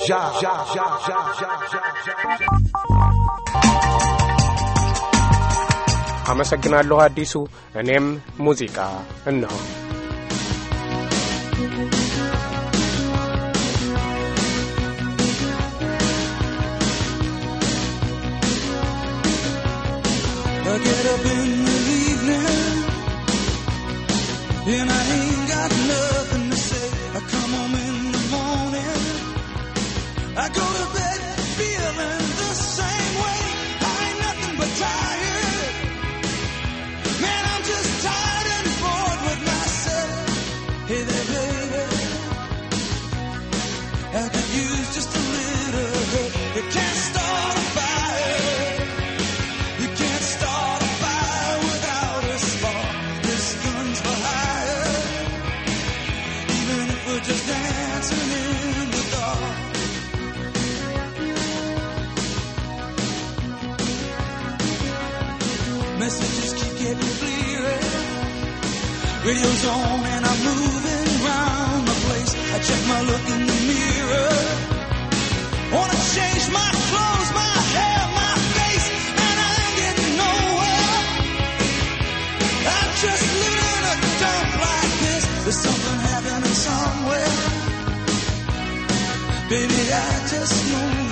Ja, ja, ja, ja, ja, ja, ja. አመሰግናለሁ አዲሱ። እኔም ሙዚቃ እነሆ I get up in the evening and I Messages keep getting Radio's on and I'm moving around the place. I check my look Baby, I just know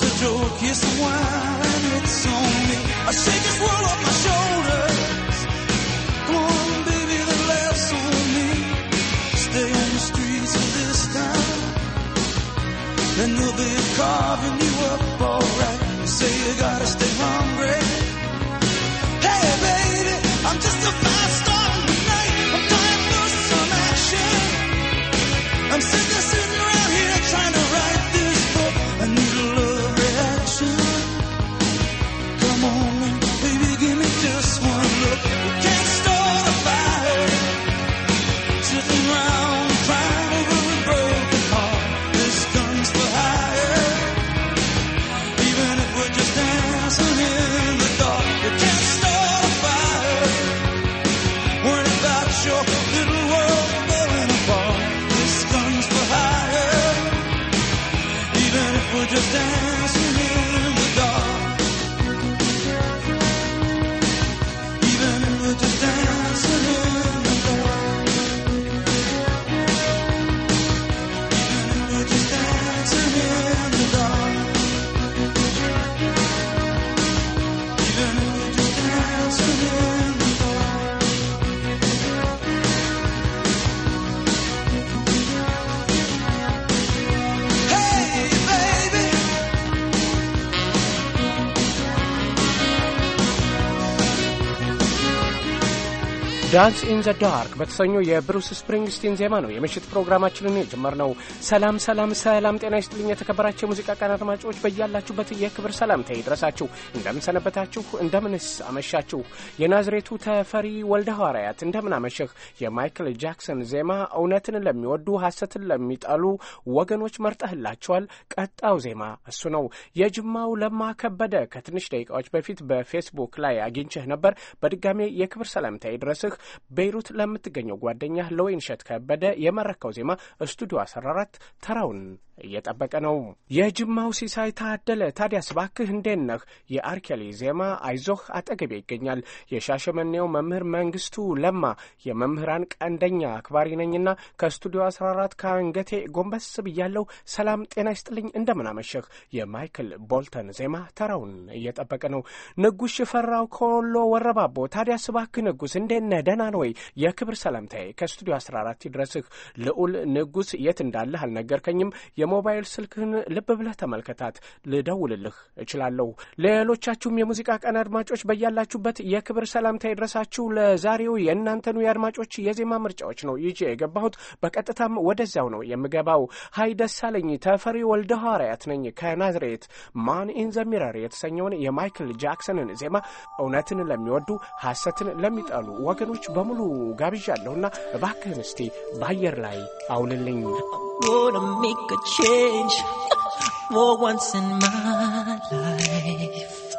was a joke, yes, wine, it's on me. I shake this world off my shoulders. Come on, baby, the laughs on me. Stay on the streets of this town, and they'll be carving you up alright. You say you gotta stay hungry. Hey, baby, I'm just a ዳንስ ኢን ዘ ዳርክ በተሰኘው የብሩስ ስፕሪንግስቲን ዜማ ነው የምሽት ፕሮግራማችንን የጀመርነው። ሰላም ሰላም ሰላም፣ ጤና ይስጥልኝ የተከበራቸው የሙዚቃ ቀን አድማጮች በያላችሁበት የክብር ሰላምታ ይድረሳችሁ። እንደምንሰነበታችሁ፣ እንደምንስ አመሻችሁ። የናዝሬቱ ተፈሪ ወልደ ሐዋርያት እንደምን አመሸህ። የማይክል ጃክሰን ዜማ እውነትን ለሚወዱ ሐሰትን ለሚጠሉ ወገኖች መርጠህላቸዋል። ቀጣው ዜማ እሱ ነው። የጅማው ለማ ከበደ ከትንሽ ደቂቃዎች በፊት በፌስቡክ ላይ አግኝቼህ ነበር። በድጋሜ የክብር ሰላምታ ይድረስህ። ቤይሩት ለምትገኘው ጓደኛ ለወይንሸት ከበደ የመረከው ዜማ ስቱዲዮ 14 ተራውን እየጠበቀ ነው። የጅማው ሲሳይ ታደለ ታዲያ ስባክህ እንዴት ነህ? የአርኬሌ ዜማ አይዞህ አጠገቤ ይገኛል። የሻሸመኔው መምህር መንግስቱ ለማ የመምህራን ቀንደኛ አክባሪ ነኝና ከስቱዲዮ 14 ከአንገቴ ጎንበስ ብያለሁ። ሰላም ጤና ይስጥልኝ። እንደምናመሸህ። የማይክል ቦልተን ዜማ ተራውን እየጠበቀ ነው። ንጉስ ሽፈራው ከወሎ ወረባቦ ታዲያ ስባክህ ንጉስ እንዴት ነህ? ደህና ነው ወይ? የክብር ሰላምታዬ ከስቱዲዮ 14 ይድረስህ። ልዑል ንጉስ የት እንዳለህ አልነገርከኝም። የሞባይል ስልክህን ልብ ብለህ ተመልከታት፣ ልደውልልህ እችላለሁ። ሌሎቻችሁም የሙዚቃ ቀን አድማጮች በያላችሁበት የክብር ሰላምታ ይድረሳችሁ። ለዛሬው የእናንተኑ የአድማጮች የዜማ ምርጫዎች ነው ይዤ የገባሁት። በቀጥታም ወደዚያው ነው የምገባው። ሀይ ደሳለኝ ተፈሪ ወልደ ሐዋርያት ነኝ ከናዝሬት ማን ኢን ዘ ሚረር የተሰኘውን የማይክል ጃክሰንን ዜማ እውነትን ለሚወዱ ሐሰትን ለሚጠሉ ወገኖች በሙሉ ጋብዣለሁና እባክህን እስቲ በአየር ላይ አውልልኝ። change for once in my life.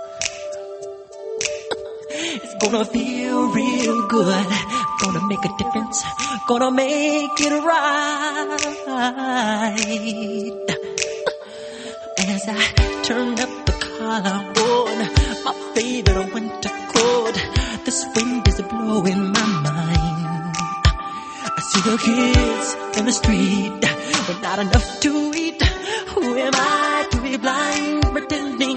It's gonna feel real good. Gonna make a difference. Gonna make it right. As I turn up the collar on my favorite winter coat, this wind is blowing my mind. The kids in the street, but not enough to eat. Who am I to be blind, pretending?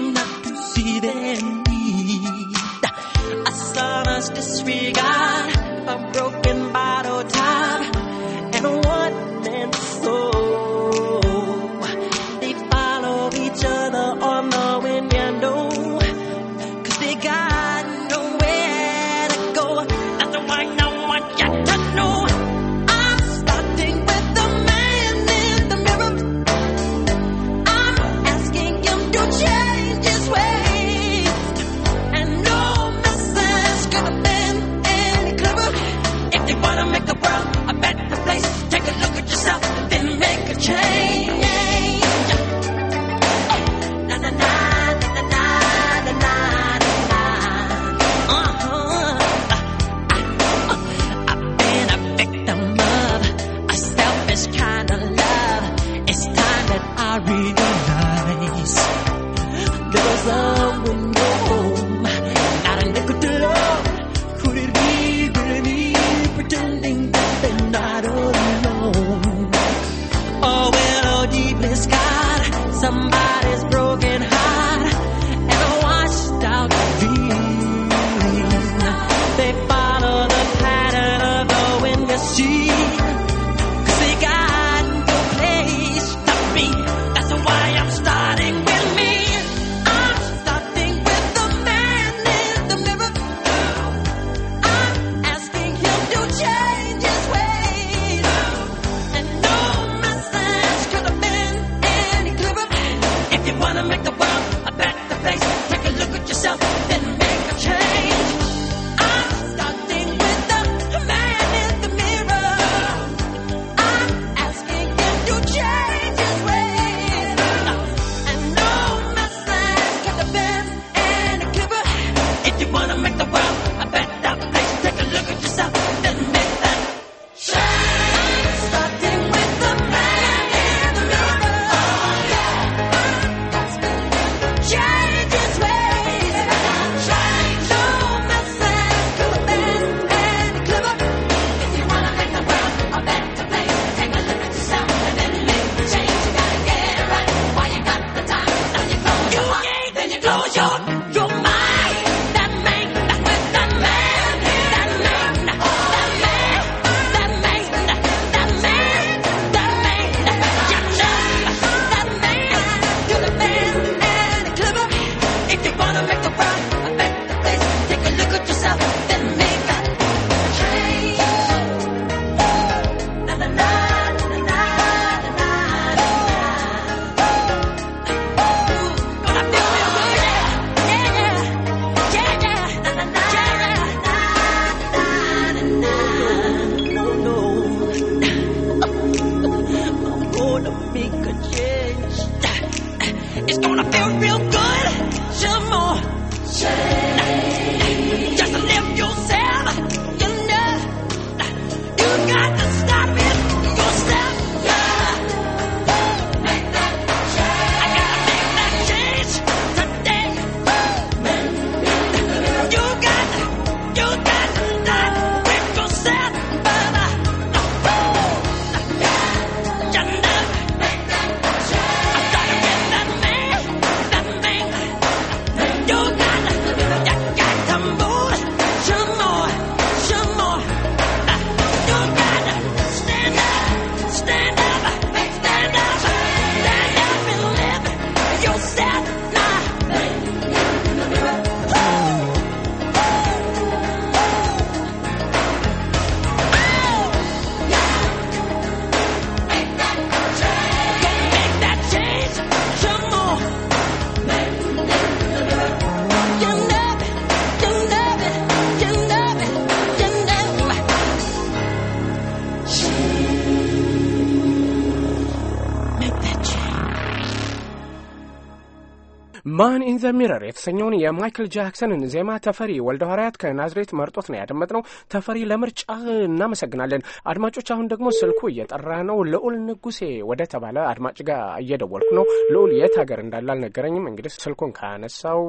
ማን ኢን ዘ ሚረር የተሰኘውን የማይክል ጃክሰንን ዜማ ተፈሪ ወልደ ሐዋርያት ከናዝሬት መርጦት ነው ያደመጥነው። ተፈሪ ለምርጫ እናመሰግናለን። አድማጮች፣ አሁን ደግሞ ስልኩ እየጠራ ነው። ልዑል ንጉሴ ወደ ተባለ አድማጭ ጋር እየደወልኩ ነው። ልዑል የት ሀገር እንዳለ አልነገረኝም። እንግዲህ ስልኩን ካነሳው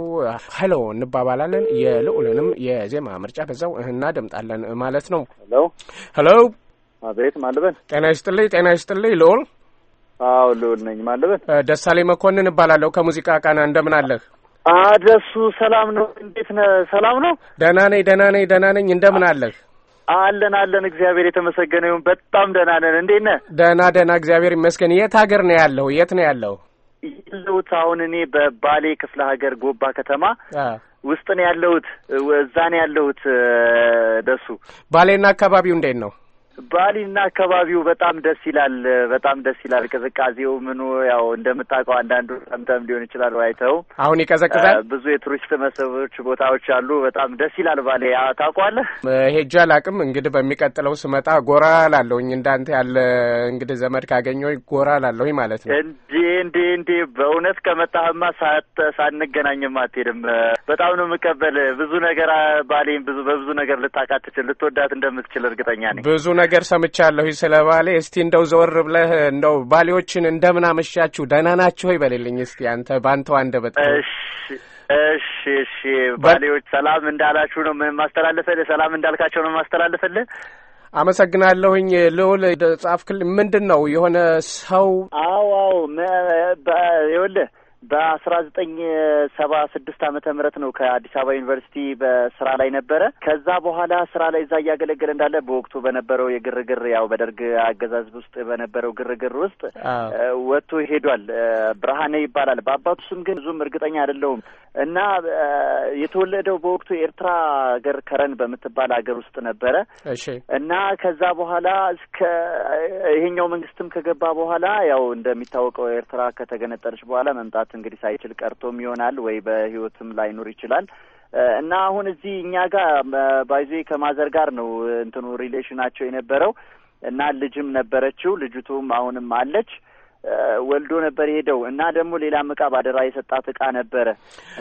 ሄሎ እንባባላለን። የልዑልንም የዜማ ምርጫ በዛው እናደምጣለን ማለት ነው። ሄሎ ሄሎ። አቤት። ማልበል ጤና ይስጥልኝ። ጤና ይስጥልኝ ልዑል አዎ ልውል ነኝ። ማለበት ደሳሌ መኮንን እባላለሁ ከሙዚቃ ቃና። እንደምን አለህ? አደሱ ሰላም ነው። እንዴት ነ ሰላም ነው። ደህና ነኝ፣ ደህና ነኝ፣ ደህና ነኝ። እንደምን አለህ? አለን አለን፣ እግዚአብሔር የተመሰገነ ይሁን። በጣም ደህና ነን። እንዴት ነ ደህና ደህና፣ እግዚአብሔር ይመስገን። የት ሀገር ነው ያለው? የት ነው ያለው? ያለሁት አሁን እኔ በባሌ ክፍለ ሀገር ጎባ ከተማ ውስጥ ነው ያለሁት። እዛ ነው ያለሁት። ደሱ ባሌና አካባቢው እንዴት ነው? ባሊና አካባቢው በጣም ደስ ይላል። በጣም ደስ ይላል። ቅዝቃዜው ምኑ ያው እንደምታውቀው አንዳንዱ ሰምተም ሊሆን ይችላል ዋይተው አሁን ይቀዘቅዛል። ብዙ የቱሪስት መስህቦች ቦታዎች አሉ። በጣም ደስ ይላል። ባሊ ታውቀዋለህ? ሄጄ አላውቅም። እንግዲህ በሚቀጥለው ስመጣ ጎራ ላለሁኝ እንዳንተ ያለ እንግዲህ ዘመድ ካገኘሁኝ ጎራ ላለሁኝ ማለት ነው። እንዴ እንዴ እንዴ! በእውነት ከመጣህማ ሳንገናኝም አትሄድም። በጣም ነው የምቀበል ብዙ ነገር ባሌን ብዙ በብዙ ነገር ልታካትችል ልትወዳት እንደምትችል እርግጠኛ ነኝ ብዙ ነገር ነገር ሰምቻለሁ ስለ ባሌ። እስቲ እንደው ዘወር ብለህ እንደው ባሌዎችን እንደምናመሻችሁ ደህና ናችሁ ሆይ በልልኝ እስቲ አንተ ባንተው አንደበት። እሺ እሺ፣ ባሌዎች ሰላም እንዳላችሁ ነው ምን ማስተላለፈልህ? ሰላም እንዳልካቸው ነው ማስተላለፈልህ። አመሰግናለሁኝ ልውል ጻፍክል ምንድን ነው የሆነ ሰው አዎ አዎ ይኸውልህ በአስራ ዘጠኝ ሰባ ስድስት አመተ ምህረት ነው ከአዲስ አበባ ዩኒቨርሲቲ በስራ ላይ ነበረ። ከዛ በኋላ ስራ ላይ እዛ እያገለገለ እንዳለ በወቅቱ በነበረው የግርግር ያው በደርግ አገዛዝ ውስጥ በነበረው ግርግር ውስጥ ወጥቶ ሄዷል። ብርሃኔ ይባላል። በአባቱ ስም ግን ብዙም እርግጠኛ አይደለውም እና የተወለደው በወቅቱ ኤርትራ ሀገር ከረን በምትባል ሀገር ውስጥ ነበረ እና ከዛ በኋላ እስከ ይሄኛው መንግስትም ከገባ በኋላ ያው እንደሚታወቀው ኤርትራ ከተገነጠለች በኋላ መምጣት እንግዲህ ሳይችል ቀርቶም ይሆናል ወይ በህይወትም ላይኖር ይችላል። እና አሁን እዚህ እኛ ጋር ባይዜ ከማዘር ጋር ነው እንትኑ ሪሌሽናቸው የነበረው እና ልጅም ነበረችው ልጅቱም አሁንም አለች። ወልዶ ነበር የሄደው እና ደግሞ ሌላም እቃ በአደራ የሰጣት እቃ ነበረ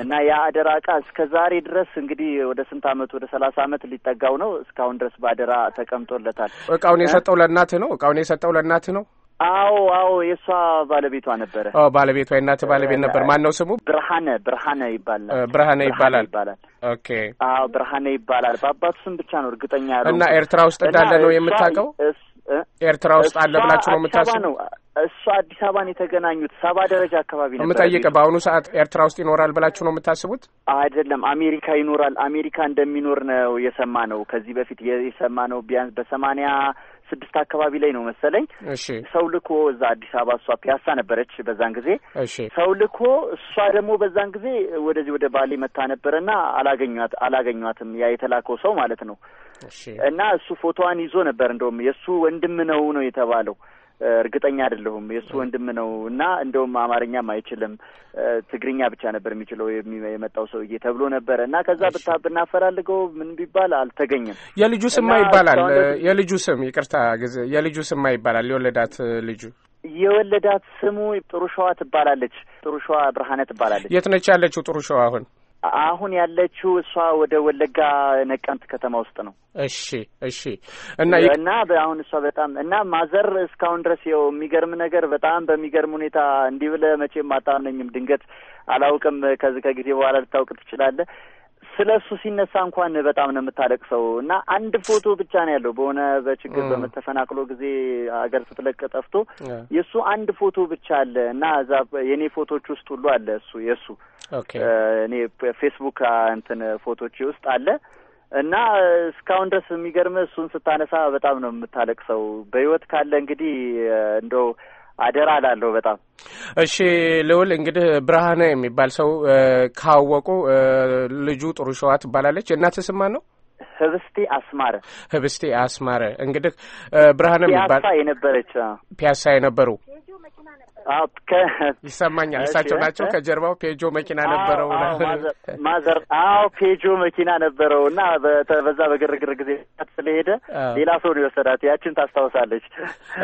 እና ያ አደራ እቃ እስከ ዛሬ ድረስ እንግዲህ ወደ ስንት አመት ወደ ሰላሳ አመት ሊጠጋው ነው። እስካሁን ድረስ በአደራ ተቀምጦለታል። እቃውን የሰጠው ለእናት ነው። እቃውን የሰጠው ለእናት ነው። አዎ አዎ፣ የእሷ ባለቤቷ ነበረ። አዎ ባለቤቷ፣ የእናትህ ባለቤት ነበር። ማን ነው ስሙ? ብርሃነ ብርሃነ ይባላል። ብርሃነ ይባላል ይባላል። ኦኬ። አዎ ብርሃነ ይባላል። በአባቱ ስም ብቻ ነው እርግጠኛ ያለው። እና ኤርትራ ውስጥ እንዳለ ነው የምታውቀው? ኤርትራ ውስጥ አለ ብላችሁ ነው የምታስበው? እሷ አዲስ አበባን የተገናኙት ሰባ ደረጃ አካባቢ ነው የምጠይቅ። በአሁኑ ሰዓት ኤርትራ ውስጥ ይኖራል ብላችሁ ነው የምታስቡት? አይደለም፣ አሜሪካ ይኖራል። አሜሪካ እንደሚኖር ነው የሰማ ነው። ከዚህ በፊት የሰማ ነው። ቢያንስ በሰማንያ ስድስት አካባቢ ላይ ነው መሰለኝ ሰው ልኮ እዛ አዲስ አበባ እሷ ፒያሳ ነበረች በዛን ጊዜ ሰው ልኮ እሷ ደግሞ በዛን ጊዜ ወደዚህ ወደ ባሌ መታ ነበረና አላገኟት አላገኟትም ያ የተላከው ሰው ማለት ነው እና እሱ ፎቶዋን ይዞ ነበር እንደውም የእሱ ወንድም ነው ነው የተባለው እርግጠኛ አይደለሁም። የእሱ ወንድም ነው እና እንደውም አማርኛም አይችልም ትግርኛ ብቻ ነበር የሚችለው የመጣው ሰውዬ ተብሎ ነበረ እና ከዛ ብታ ብናፈላልገው ምን ቢባል አልተገኘም። የልጁ ስማ ይባላል። የልጁ ስም ይቅርታ፣ የልጁ ስማ ይባላል። የወለዳት ልጁ የወለዳት ስሙ ጥሩሸዋ ትባላለች። ጥሩሸዋ ብርሃነ ትባላለች። የት ነች ያለችው ጥሩሸዋ አሁን? አሁን ያለችው እሷ ወደ ወለጋ ነቀምት ከተማ ውስጥ ነው። እሺ እሺ። እና እና አሁን እሷ በጣም እና ማዘር እስካሁን ድረስ ይኸው የሚገርም ነገር በጣም በሚገርም ሁኔታ እንዲህ ብለህ መቼም አታምነኝም። ድንገት አላውቅም። ከዚህ ከጊዜ በኋላ ልታውቅ ትችላለህ። ስለ እሱ ሲነሳ እንኳን በጣም ነው የምታለቅሰው። እና አንድ ፎቶ ብቻ ነው ያለው በሆነ በችግር በምተፈናቅሎ ጊዜ አገር ስትለቅ ጠፍቶ የእሱ አንድ ፎቶ ብቻ አለ እና እዛ የእኔ ፎቶች ውስጥ ሁሉ አለ እሱ የእሱ እኔ ፌስቡክ እንትን ፎቶች ውስጥ አለ እና እስካሁን ድረስ የሚገርም እሱን ስታነሳ በጣም ነው የምታለቅሰው። በህይወት ካለ እንግዲህ እንደው አደራ አላለሁ። በጣም እሺ ልውል እንግዲህ ብርሃነ የሚባል ሰው ካወቁ ልጁ ጥሩ ሸዋ ትባላለች። እናትህ ስማን ነው ህብስቴ አስማረ ህብስቴ አስማረ እንግዲህ ብርሃን የሚባል የነበረች ፒያሳ የነበሩ ይሰማኛል። እሳቸው ናቸው። ከጀርባው ፔጆ መኪና ነበረው ማዘር። አዎ ፔጆ መኪና ነበረው እና በዛ በግርግር ጊዜ ስለሄደ ሌላ ሰው ነው የወሰዳት። ያችን ታስታውሳለች።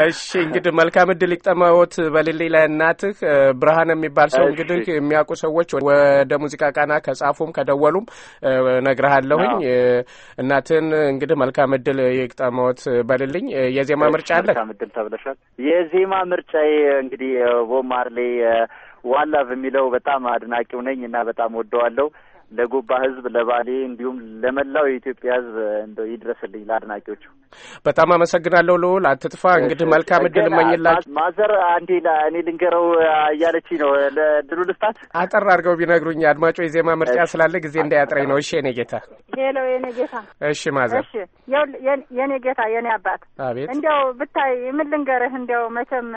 እሺ እንግዲህ መልካም እድል ይቅጠመዎት በሌሌ ለእናትህ። ብርሃን የሚባል ሰው እንግዲህ የሚያውቁ ሰዎች ወደ ሙዚቃ ቃና ከጻፉም ከደወሉም ነግረሃለሁኝ። እናትን እንግዲህ መልካም እድል ይግጠመዎት በልልኝ። የዜማ ምርጫ አለ? መልካም እድል ተብለሻል። የዜማ ምርጫዬ እንግዲህ ቦብ ማርሌ ዋላቭ የሚለው በጣም አድናቂው ነኝ እና በጣም ወደዋለሁ። ለጎባ ህዝብ፣ ለባሌ እንዲሁም ለመላው የኢትዮጵያ ህዝብ እንደ ይድረስልኝ ለአድናቂዎቹ። በጣም አመሰግናለሁ ልውል አትጥፋ እንግዲህ መልካም እድል እመኝላችሁ። ማዘር አንዴ እኔ ልንገረው እያለች ነው። ለድሉ ልስጣት አጠር አድርገው ቢነግሩኝ አድማጮ የዜማ ምርጫ ስላለ ጊዜ እንዳያጥረኝ ነው። እሺ የኔ ጌታ፣ ሄሎ የኔ ጌታ። እሺ ማዘር። እሺ የኔ ጌታ፣ የኔ አባት። አቤት። እንዲያው ብታይ ምን ልንገርህ፣ እንዲያው መቼም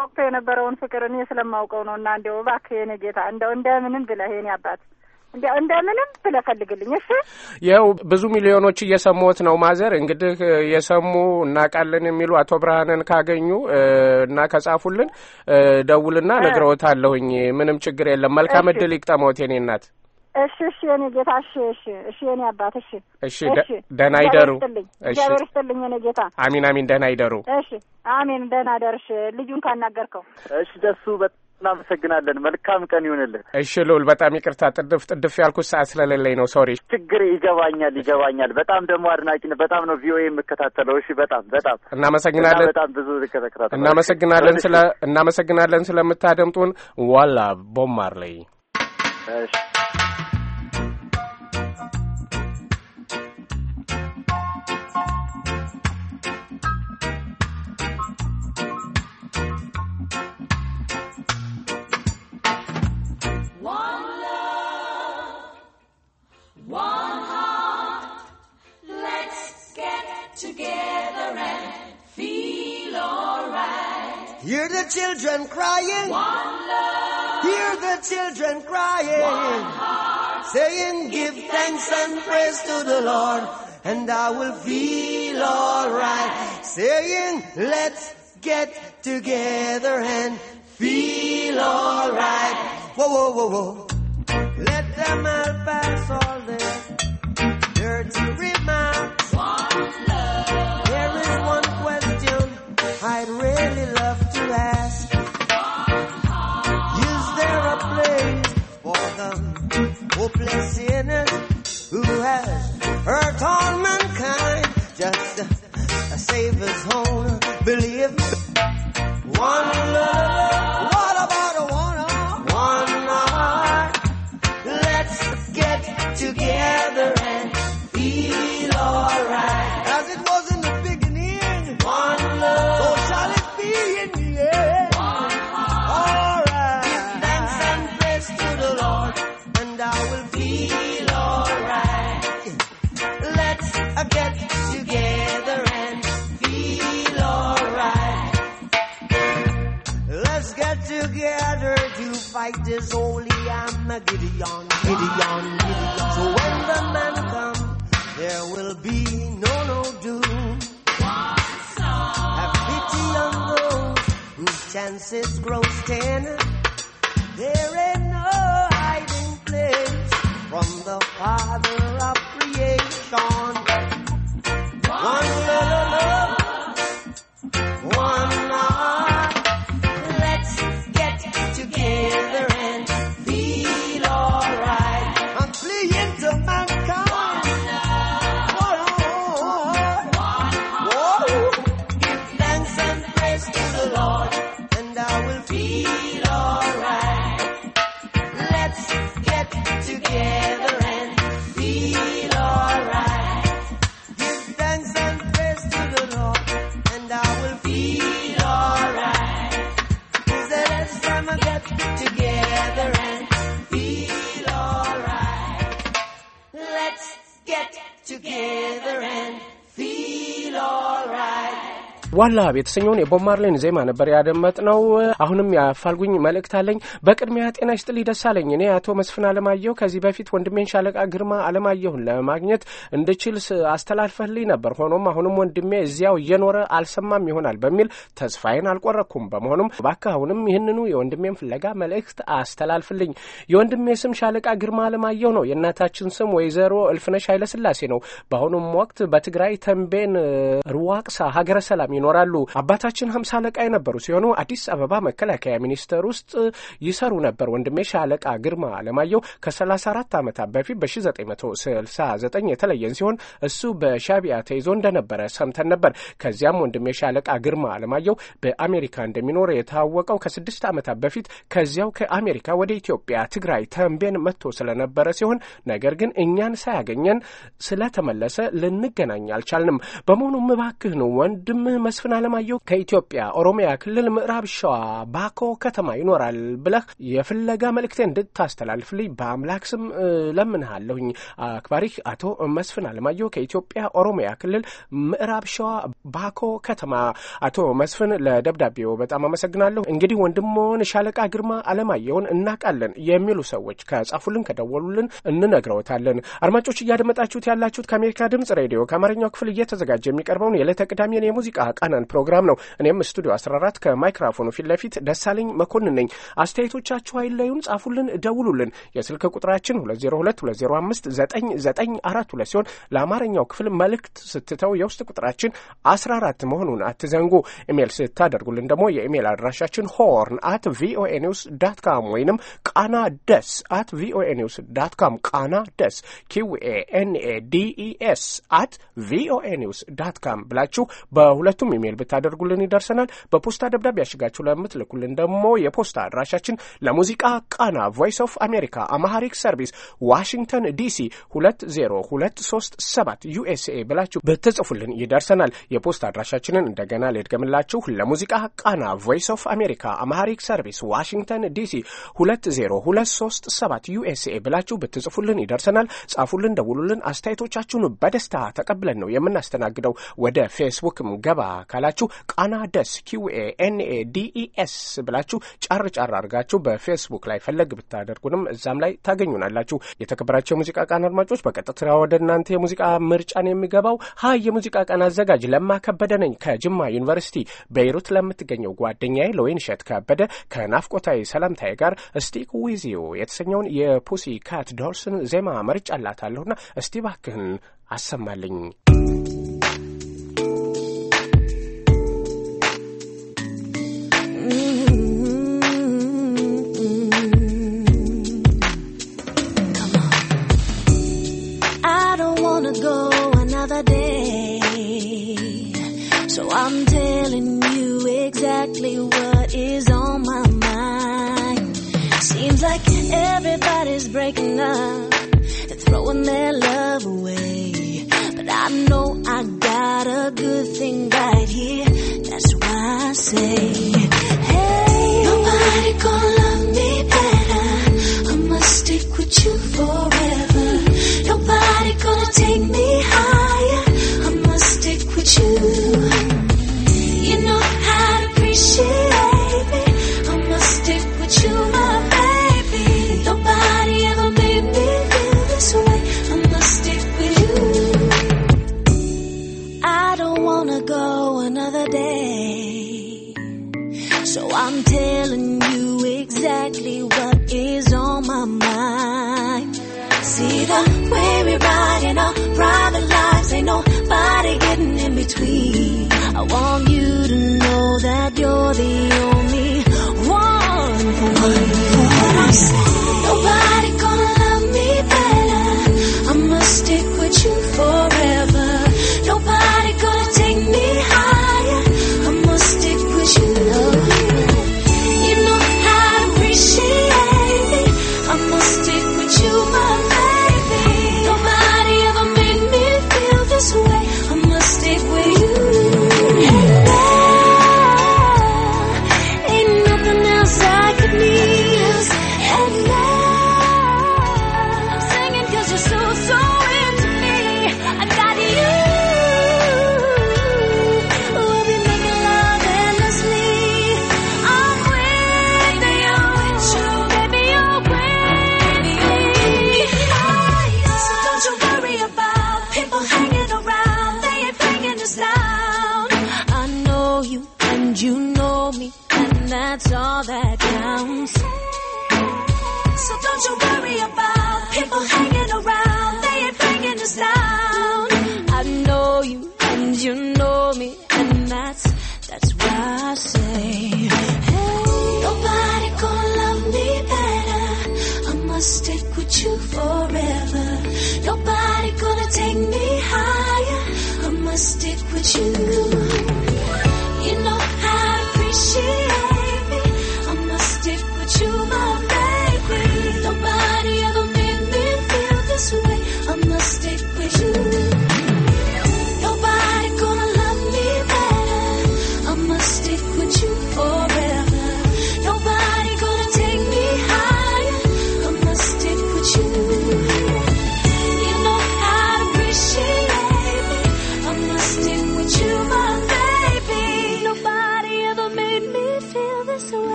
ወቅቱ የነበረውን ፍቅር እኔ ስለማውቀው ነው እና እንዲያው እባክህ የኔ ጌታ፣ እንደው እንደምንም ብለህ የኔ አባት እንደምንም ትለፈልግልኝ። ፈልግልኝ። እሺ ይኸው ብዙ ሚሊዮኖች እየሰሙት ነው። ማዘር እንግዲህ የሰሙ እናቃለን የሚሉ አቶ ብርሃንን ካገኙ እና ከጻፉልን ደውልና ነግረውታለሁኝ። ምንም ችግር የለም። መልካም እድል ይቅጠመዎት የኔ እናት። እሺ እሺ፣ የኔ ጌታ እሺ እሺ እሺ፣ የኔ አባት እሺ እሺ፣ ደህና ይደሩ። እግዚአብሔር ይስጥልኝ የኔ ጌታ። አሚን አሚን፣ ደህና ይደሩ። እሺ አሚን፣ ደህና ደርሽ። ልጁን ካናገርከው እሺ ደሱ እናመሰግናለን። መልካም ቀን ይሁንልን። እሺ ልዑል፣ በጣም ይቅርታ ጥድፍ ጥድፍ ያልኩት ሰዓት ስለሌለኝ ነው። ሶሪ። ችግር ይገባኛል፣ ይገባኛል። በጣም ደግሞ አድናቂ በጣም ነው ቪኦኤ የምከታተለው። እሺ፣ በጣም በጣም እናመሰግናለን። በጣም ብዙ ከተከታተል እናመሰግናለን። ስለ እናመሰግናለን ስለምታደምጡን ዋላ ቦማር ቦብ እሺ the children crying. One love. Hear the children crying. One heart. Saying, give thanks and praise to the Lord, and I will feel alright. Saying, let's get together and feel alright. Whoa, whoa, whoa, whoa. Let them all pass all their dirty remarks. One love. There is one question I'd really love to ask. hopeless sinner who has hurt on me. together to fight this holy I'm Armageddon, Gideon, Gideon. So when the man comes, there will be no, no doom. Have pity on those whose chances grow ten. There ain't no hiding place from the Father of creation. One ዋላ የተሰኘውን የቦብ ማርሌን ዜማ ነበር ያደመጥነው። አሁንም ያፋልጉኝ መልእክት አለኝ። በቅድሚያ ጤና ይስጥልኝ ደሳለኝ። እኔ አቶ መስፍን አለማየሁ ከዚህ በፊት ወንድሜን ሻለቃ ግርማ አለማየሁን ለማግኘት እንድችል አስተላልፈልኝ ነበር። ሆኖም አሁንም ወንድሜ እዚያው እየኖረ አልሰማም ይሆናል በሚል ተስፋዬን አልቆረኩም። በመሆኑም እባክህ አሁንም ይህንኑ የወንድሜን ፍለጋ መልእክት አስተላልፍልኝ። የወንድሜ ስም ሻለቃ ግርማ አለማየሁ ነው። የእናታችን ስም ወይዘሮ እልፍነሽ ኃይለስላሴ ነው። በአሁኑም ወቅት በትግራይ ተንቤን ሩዋቅሳ ሀገረ ሰላም ይኖራሉ። አባታችን ሀምሳ አለቃ የነበሩ ሲሆኑ አዲስ አበባ መከላከያ ሚኒስቴር ውስጥ ይሰሩ ነበር። ወንድሜ ሻለቃ ግርማ አለማየሁ ከ34 ዓመታት በፊት በ1969 የተለየን ሲሆን እሱ በሻቢያ ተይዞ እንደነበረ ሰምተን ነበር። ከዚያም ወንድሜ ሻለቃ ግርማ አለማየሁ በአሜሪካ እንደሚኖር የታወቀው ከስድስት ዓመታት በፊት ከዚያው ከአሜሪካ ወደ ኢትዮጵያ ትግራይ ተንቤን መጥቶ ስለነበረ ሲሆን ነገር ግን እኛን ሳያገኘን ስለተመለሰ ልንገናኝ አልቻልንም። በመሆኑም እባክህ ነው ወንድምህ መስፍን አለማየሁ ከኢትዮጵያ ኦሮሚያ ክልል ምዕራብ ሸዋ ባኮ ከተማ ይኖራል ብለህ የፍለጋ መልእክቴ እንድታስተላልፍልኝ በአምላክ ስም ለምንሃለሁኝ። አክባሪህ አቶ መስፍን አለማየሁ ከኢትዮጵያ ኦሮሚያ ክልል ምዕራብ ሸዋ ባኮ ከተማ። አቶ መስፍን ለደብዳቤው በጣም አመሰግናለሁ። እንግዲህ ወንድሞን ሻለቃ ግርማ አለማየሁን እናውቃለን የሚሉ ሰዎች ከጻፉልን ከደወሉልን እንነግረውታለን። አድማጮች እያደመጣችሁት ያላችሁት ከአሜሪካ ድምጽ ሬዲዮ ከአማርኛው ክፍል እየተዘጋጀ የሚቀርበውን የዕለተ ቅዳሜን የሙዚቃ ቃናን ፕሮግራም ነው። እኔም ስቱዲዮ 14 ከማይክራፎኑ ፊት ለፊት ደሳለኝ መኮንን ነኝ። አስተያየቶቻችሁ አይለዩን፣ ጻፉልን፣ ደውሉልን። የስልክ ቁጥራችን 2022059942 ሲሆን ለአማርኛው ክፍል መልእክት ስትተው የውስጥ ቁጥራችን 14 መሆኑን አትዘንጉ። ኢሜይል ስታደርጉልን ደግሞ የኢሜይል አድራሻችን ሆርን አት ቪኦኤ ኒውስ ዳት ካም ወይንም ቃና ደስ አት ቪኦኤ ኒውስ ዳት ካም ቃና ደስ ኪውኤ ኤንኤ ዲኢኤስ አት ቪኦኤ ኒውስ ዳት ካም ብላችሁ በሁለቱም ኢሜይል ብታደርጉልን ይደርሰናል። በፖስታ ደብዳቤ ያሽጋችሁ ለምትልኩልን ደግሞ የፖስታ አድራሻችን ለሙዚቃ ቃና ቮይስ ኦፍ አሜሪካ አማሃሪክ ሰርቪስ ዋሽንግተን ዲሲ 20237 ዩኤስኤ ብላችሁ ብትጽፉልን ይደርሰናል። የፖስታ አድራሻችንን እንደገና ልድገምላችሁ። ለሙዚቃ ቃና ቮይስ ኦፍ አሜሪካ አማሃሪክ ሰርቪስ ዋሽንግተን ዲሲ 20237 ዩኤስኤ ብላችሁ ብትጽፉልን ይደርሰናል። ጻፉልን፣ ደውሉልን። አስተያየቶቻችሁን በደስታ ተቀብለን ነው የምናስተናግደው። ወደ ፌስቡክም ገባ ካላችሁ ቃና ደስ ኪውኤ ኤንኤ ዲኢኤስ ብላችሁ ጫር ጫር አድርጋችሁ በፌስቡክ ላይ ፈለግ ብታደርጉንም እዛም ላይ ታገኙናላችሁ። የተከበራቸው የሙዚቃ ቃና አድማጮች በቀጥታ ወደ እናንተ የሙዚቃ ምርጫን የሚገባው ሀይ የሙዚቃ ቃና አዘጋጅ ለማ ከበደ ነኝ ከጅማ ዩኒቨርሲቲ ቤይሩት ለምትገኘው ጓደኛዬ ለወይንሸት ከበደ ከናፍቆታዊ ሰላምታዬ ጋር ስቲክ ዊዚዮ የተሰኘውን የፑሲ ካት ዶርስን ዜማ መርጫላታለሁና እስቲ ባክህን አሰማልኝ። another day. So I'm telling you exactly what is on my mind. Seems like everybody's breaking up and throwing their love away. But I know I got a good thing right here. That's why I say, hey, nobody gonna love me better. I must stick with you.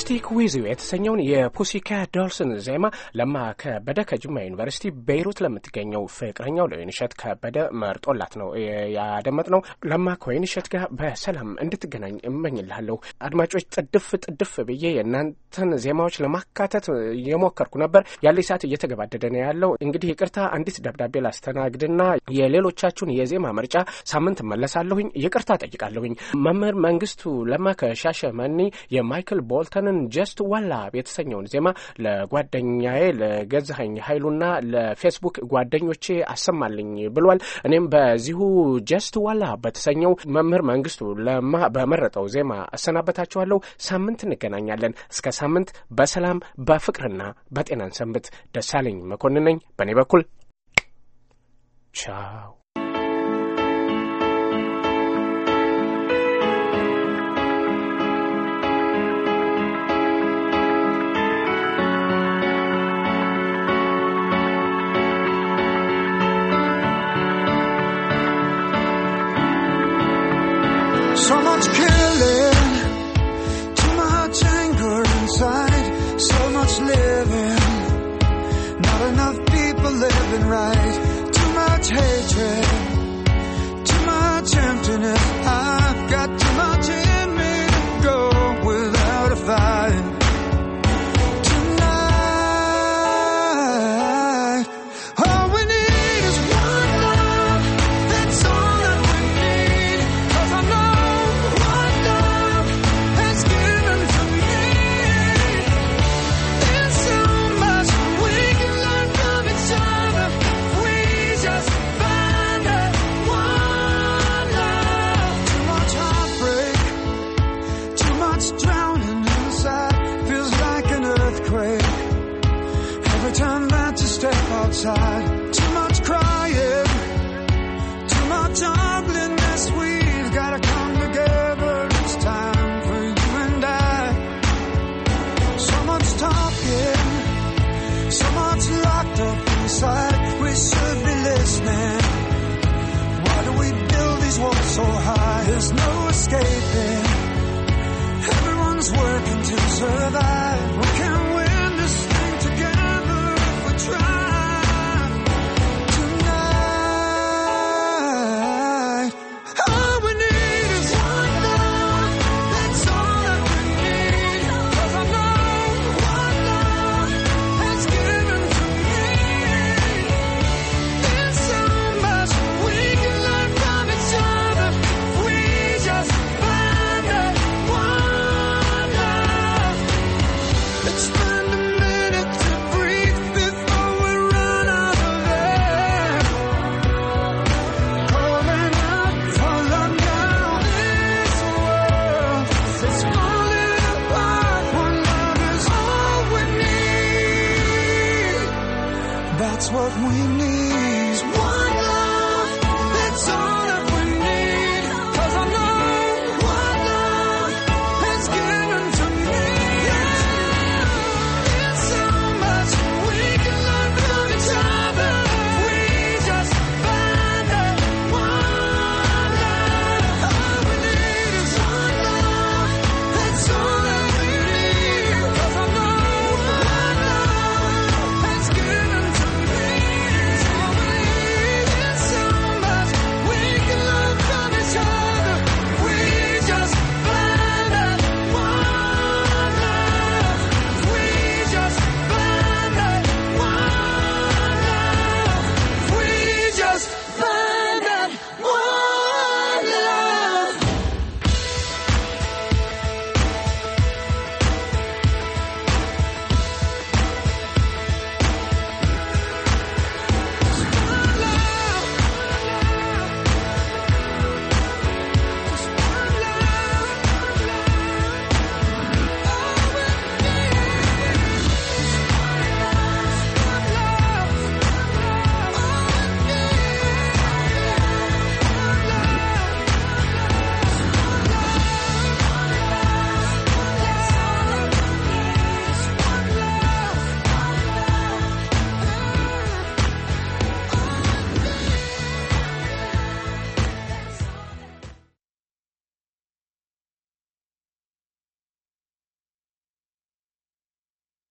ስቲክ ዊዝ ዩ የተሰኘውን የፑሲካ ዶልስን ዜማ ለማ ከበደ ከጅማ ዩኒቨርሲቲ ቤይሩት ለምትገኘው ፍቅረኛው ለወይንሸት ከበደ መርጦላት ነው ያደመጥ ነው። ለማ ከወይንሸት ጋር በሰላም እንድትገናኝ እመኝልሃለሁ። አድማጮች፣ ጥድፍ ጥድፍ ብዬ የእናንተን ዜማዎች ለማካተት የሞከርኩ ነበር። ያለኝ ሰዓት እየተገባደደ ነው ያለው። እንግዲህ ይቅርታ፣ አንዲት ደብዳቤ ላስተናግድና የሌሎቻችሁን የዜማ ምርጫ ሳምንት መለሳለሁኝ። ይቅርታ ጠይቃለሁኝ። መምህር መንግስቱ ለማ ከሻሸመኔ የማይክል ቦልተን ጆንን ጀስት ወላብ የተሰኘውን ዜማ ለጓደኛዬ ለገዛኸኝ ኃይሉና ለፌስቡክ ጓደኞቼ አሰማልኝ ብሏል። እኔም በዚሁ ጀስት ዋላብ በተሰኘው መምህር መንግስቱ ለማ በመረጠው ዜማ አሰናበታችኋለሁ። ሳምንት እንገናኛለን። እስከ ሳምንት በሰላም በፍቅርና በጤናን ሰንብት። ደሳለኝ መኮንን ነኝ። በእኔ በኩል ቻው። So much killing, too much anger inside, so much living, not enough people living right. survive.